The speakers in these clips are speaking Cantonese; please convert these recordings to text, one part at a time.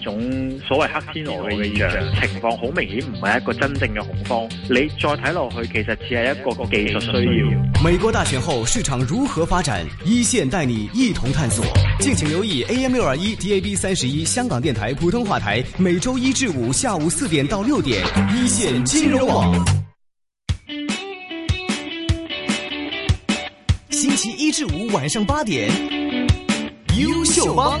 種所謂黑天鵝嘅現象，象情況，好明顯唔係一個真正嘅恐慌。你再睇落去，其實只係一個個技術需要。美國大選後市場如何發展？一線帶你一同探索，敬請留意 AM 六二一 DAB 三十一香港電台普通話台，每周一至五下午四點到六點，一線金融網，星期一至五晚上八點，優秀幫。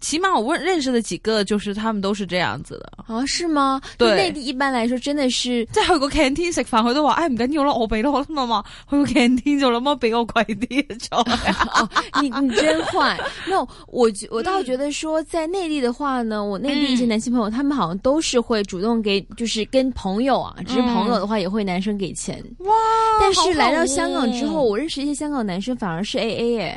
起碼我問認識的幾個，就是他們都是這樣子的啊，是嗎？對內地一般來說真的是。在還有個 canteen，反回都話，哎，唔該你了我了俾你好了嘛，個 canteen 就攞莫俾我貴啲咗。你你真壞。那、no, 我我倒覺得說，在內地的話呢，嗯、我內地一些男性朋友、嗯，他們好像都是會主動給，就是跟朋友啊，嗯、只是朋友的話，也會男生給錢哇。但是來到香港之後好好，我認識一些香港男生，反而是 A A 誒。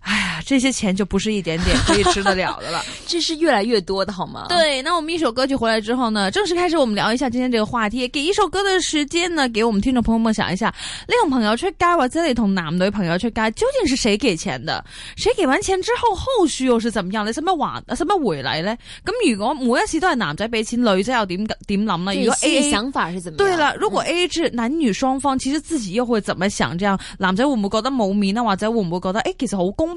哎呀，這些錢就不是一點點可以吃得了的了。 這是越來越多的好嗎？對，那我們一首歌曲回來之後呢，正式開始我們聊一下今天這個話題。給一首歌的時間呢，給我們聽眾朋友們想一下，你同朋友出街或者你同男女朋友出街，究竟是誰給錢的？誰給完錢之後後續又是怎麼樣？你使乜還？使乜回禮呢？咁如果每一次都係男仔俾錢女仔，又點點諗呢？如果，如果 A A 想法是怎麼？對了，如果 A 如果 AA 制男女雙方其實自己又會怎麼想？這樣男仔會唔會覺得冇面呢？或者會唔會覺得誒，其實好公？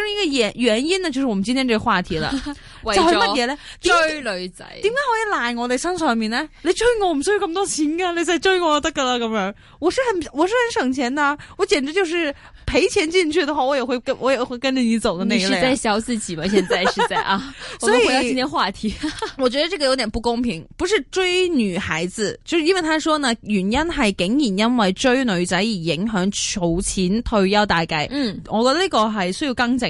其中一個原原因呢，就是我們今天這個話題了 為乜嘢咧？追女仔，點解可以賴我哋身上面呢？你追我唔需要咁多錢噶、啊，你再追我得噶啦，咁樣。我是很，我是很省錢呐、啊，我簡直就是賠錢進去的話，我也會跟，我也會跟着你走的、啊啊。你是在笑自己嗎？ 現在是在啊？ 所以回到今天話題， 我覺得這個有點不公平。不是追女孩子，就是、因為他說呢，原因係竟然因為追女仔而影響儲錢退休大計。嗯，我覺得呢個係需要更正。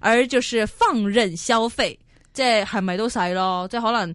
而就是放任消費，即係係咪都使咯？即係可能。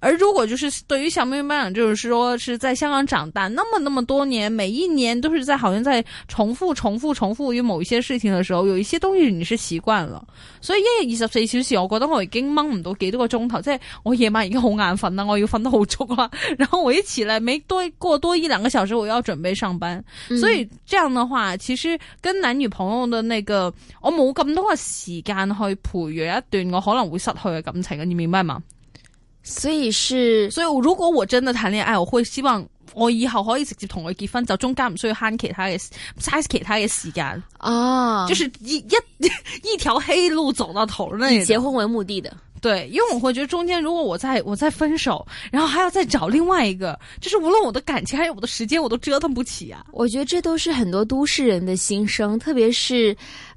而如果就是對於小明班長，就是說是在香港長大，那麼那麼多年，每一年都是在好像在重複、重複、重複於某一些事情的時候，有一些東西你是習慣了。所以一日二十四小時，我覺得我已經掹唔到幾多個鐘頭，即係我夜晚已經好眼瞓啦，我要瞓得好足啦。然後我一起來，沒多過多一兩個小時，我又要準備上班。嗯、所以，這樣的話，其實跟男女朋友的那個，我冇咁多嘅時間去培養一段我可能會失去嘅感情，你明白嗎？所以是，所以如果我真的談戀愛，我會希望我以後可以直接同佢結婚，就中間唔需要慳其他嘅、嘥其他嘅時間啊，oh, 就是一一一條黑路走到頭那，以結婚為目的的。對，因為我會覺得中間如果我再我再分手，然後還要再找另外一個，就是無論我的感情還有我的時間，我都折騰不起啊。我覺得這都是很多都市人的心聲，特別是。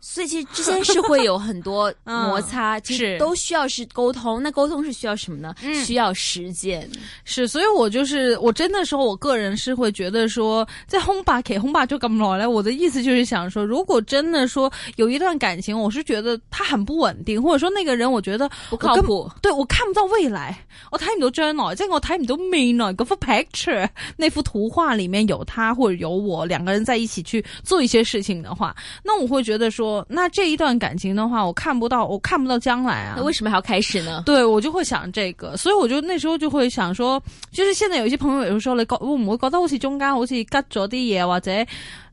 所以其實之間是會有很多摩擦、 嗯，其實都需要是溝通。那溝通是需要什麼呢？嗯、需要時間。是，所以我就是我真的時候，我個人是會覺得說，在哄吧，給哄吧就幹嘛嘞？我的意思就是想說，如果真的說有一段感情，我是覺得他很不穩定，或者說那個人我覺得不靠譜，我對我看不到未來。我睇你都真咯，這個我睇你都明咯，嗰幅 picture 那幅圖畫裏面有他或者有我兩個人在一起去做一些事情的話，那我會覺得說。那這一段感情的話，我看不到，我看不到將來啊。那為什麼還要開始呢？對，我就會想這個，所以我覺得那時候就會想說，就是現在有一些朋友有說，了、嗯、你會唔會覺得好似中間好似隔咗啲嘢，或者？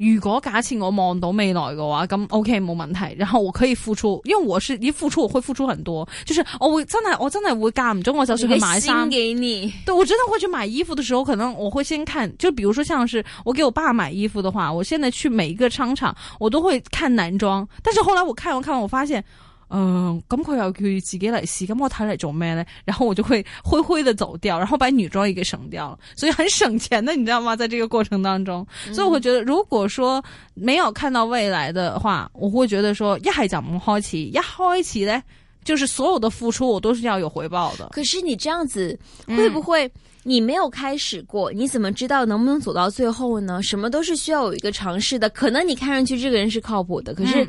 如果假設我望到未來嘅話，咁 OK 冇問題。然後我可以付出，因為我是一付出，我會付出很多。就是我會真係，我真係會間唔中，我走去買衫。我俾你。對，我真係會去買衣服的時候，可能我會先看。就比如說，像是我給我爸買衣服的話，我現在去每一個商場，我都會看男裝。但是後來我看完看完，我發現。嗯，咁佢又要自己嚟試咁我睇嚟做咩呢？然後我就會灰灰的走掉，然後把女裝也給省掉了，所以很省錢的，你知道嗎？在這個過程當中，嗯、所以我會覺得，如果說沒有看到未來的話，我會覺得說，一係講不好奇，一好奇咧，就是所有的付出我都是要有回報的。可是你這樣子會不會？你沒有開始過、嗯，你怎麼知道能不能走到最後呢？什麼都是需要有一個嘗試的。可能你看上去這個人是靠譜的，可是。嗯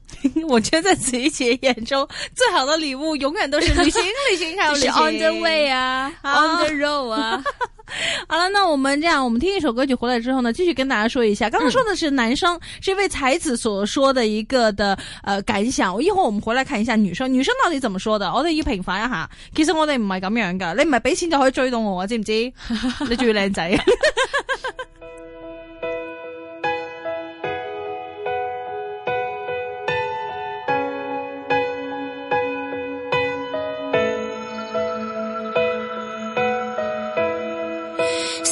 我覺得在子怡姐眼中，最好的禮物永遠都是旅行，旅 行還有旅行。 on the way 啊、oh.，on the road 啊。 好了，那我們這樣，我們聽一首歌曲回來之後呢，繼續跟大家說一下。剛剛說的是男生、嗯，是一位才子所說的一個的呃感想。一會我們回來看一下女生，女生到底怎麼說的？我哋要平反一下。其實我哋唔係噉樣噶，你唔係俾錢就可以追到我啊？知唔知？你仲要靚仔？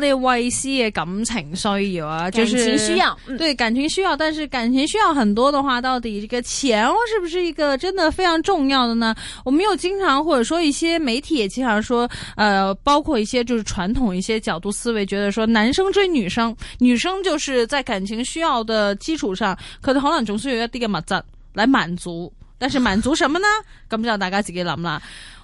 啲慰嘅感情需要啊、嗯，感情需要，嗯、對感情需要，但是感情需要很多的話，到底這個錢是不是一個真的非常重要的呢？我們又經常或者說一些媒體也經常說，呃，包括一些就是傳統一些角度思維，覺得說男生追女生，女生就是在感情需要的基礎上，可能好像總是有一個物仔來滿足，但是滿足什麼呢？咁 就大家自己諗啦。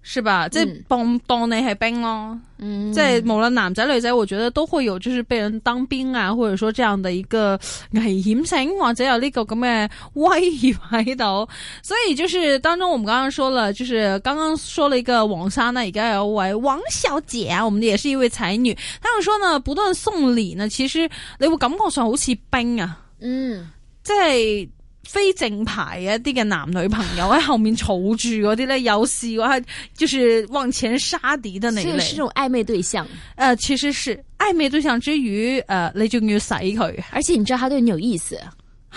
是吧？即係當當你係兵咯，嗯，即係無論男仔女仔，我覺得都會有，就是被人當兵啊，或者說這樣的一個危險性，或者有呢個咁嘅威脅喺度。所以就是當中，我們剛剛說了，就是剛剛說了一個王生呢，而家有一位王小姐啊，我們也是一位才女，他們說呢，不斷送禮呢，其實你會感覺上好似兵啊，嗯，即係。非正牌一啲嘅男女朋友喺後面儲住嗰啲咧，有事嘅話，就是往前殺敵都嚟。所以是一種曖昧對象。誒、呃，其實是曖昧對象之餘，誒、呃，你仲要使佢。而且你知道佢對你有意思。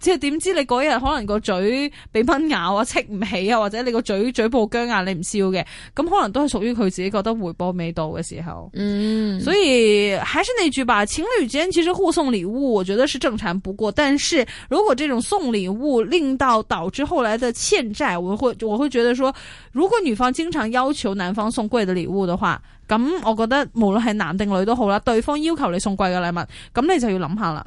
即係點知你嗰日可能個嘴俾蚊咬啊，戚唔起啊，或者你個嘴嘴部僵啊，你唔笑嘅，咁可能都係屬於佢自己覺得回報未到嘅時候。嗯，所以還是那句吧，情侶間其實互送禮物，我覺得是正常不過。但是如果這種送禮物令到導致後來的欠債，我會我會覺得說，如果女方經常要求男方送貴嘅禮物的話，咁我覺得無論係男定女都好啦，對方要求你送貴嘅禮物，咁你就要諗下啦。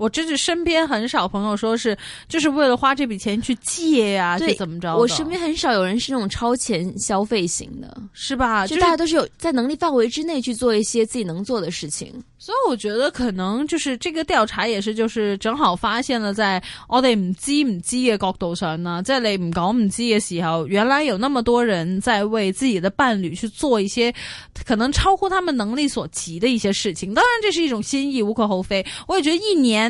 我真是身邊很少朋友說是就是為了花這筆錢去借啊，是怎麼着？我身邊很少有人是那種超前消費型的，是吧？就是，就大家都是有在能力範圍之內去做一些自己能做的事情。所以我覺得可能就是這個調查也是就是正好發現了，在我哋唔知唔知嘅角度上呢，在你唔講唔知嘅時候，原來有那麼多人在為自己的伴侶去做一些可能超乎他們能力所及的一些事情。當然，這是一種心意，無可厚非。我也覺得一年。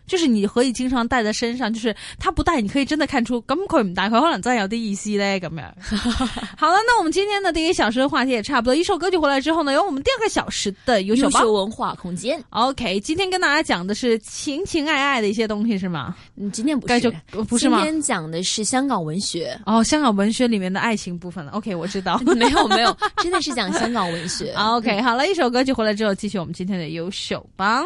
就是你可以經常帶在身上，就是他不帶，你可以真的看出咁佢唔戴佢可能真係有啲意思咧咁樣。好了，那我們今天的第一小時的話題也差不多，一首歌曲回來之後呢，有我們第二個小時的優秀，優秀文化空間。OK，今天跟大家講的是情情愛愛的一些東西是嗎？今天不是，不是嗎？今天講的是香港文學哦，香港文學裏面的愛情部分了。OK，我知道， 沒有沒有，真的是講香港文學。OK，好了一首歌曲回來之後，繼續我們今天的優秀幫。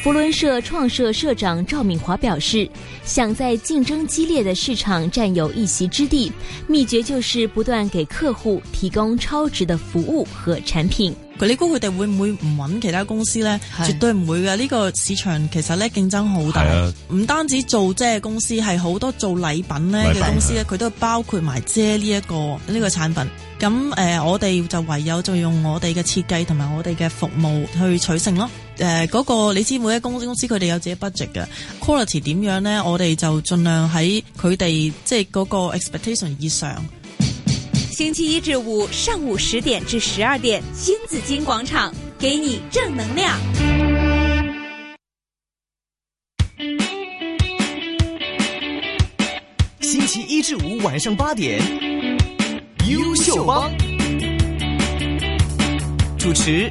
福倫社創社社長趙敏華表示，想在競爭激烈的市場占有一席之地，秘訣就是不斷給客戶提供超值的服務和產品。佢哋估佢哋會唔會唔搵其他公司咧？絕對唔會嘅。呢個市場其實咧競爭好大，唔、啊、單止做遮公司，係好多做禮品咧嘅公司咧，佢都包括埋遮呢一個呢個產品。咁誒、呃，我哋就唯有就用我哋嘅設計同埋我哋嘅服務去取勝咯。誒、呃，嗰、那個你知，每一公公司佢哋有自己的 budget 嘅 quality 點樣呢？我哋就盡量喺佢哋即係嗰個 expectation 以上。星期一至五上午十點至十二點，星紫金廣場，給你正能量。星期一至五晚上八點，優秀幫主持。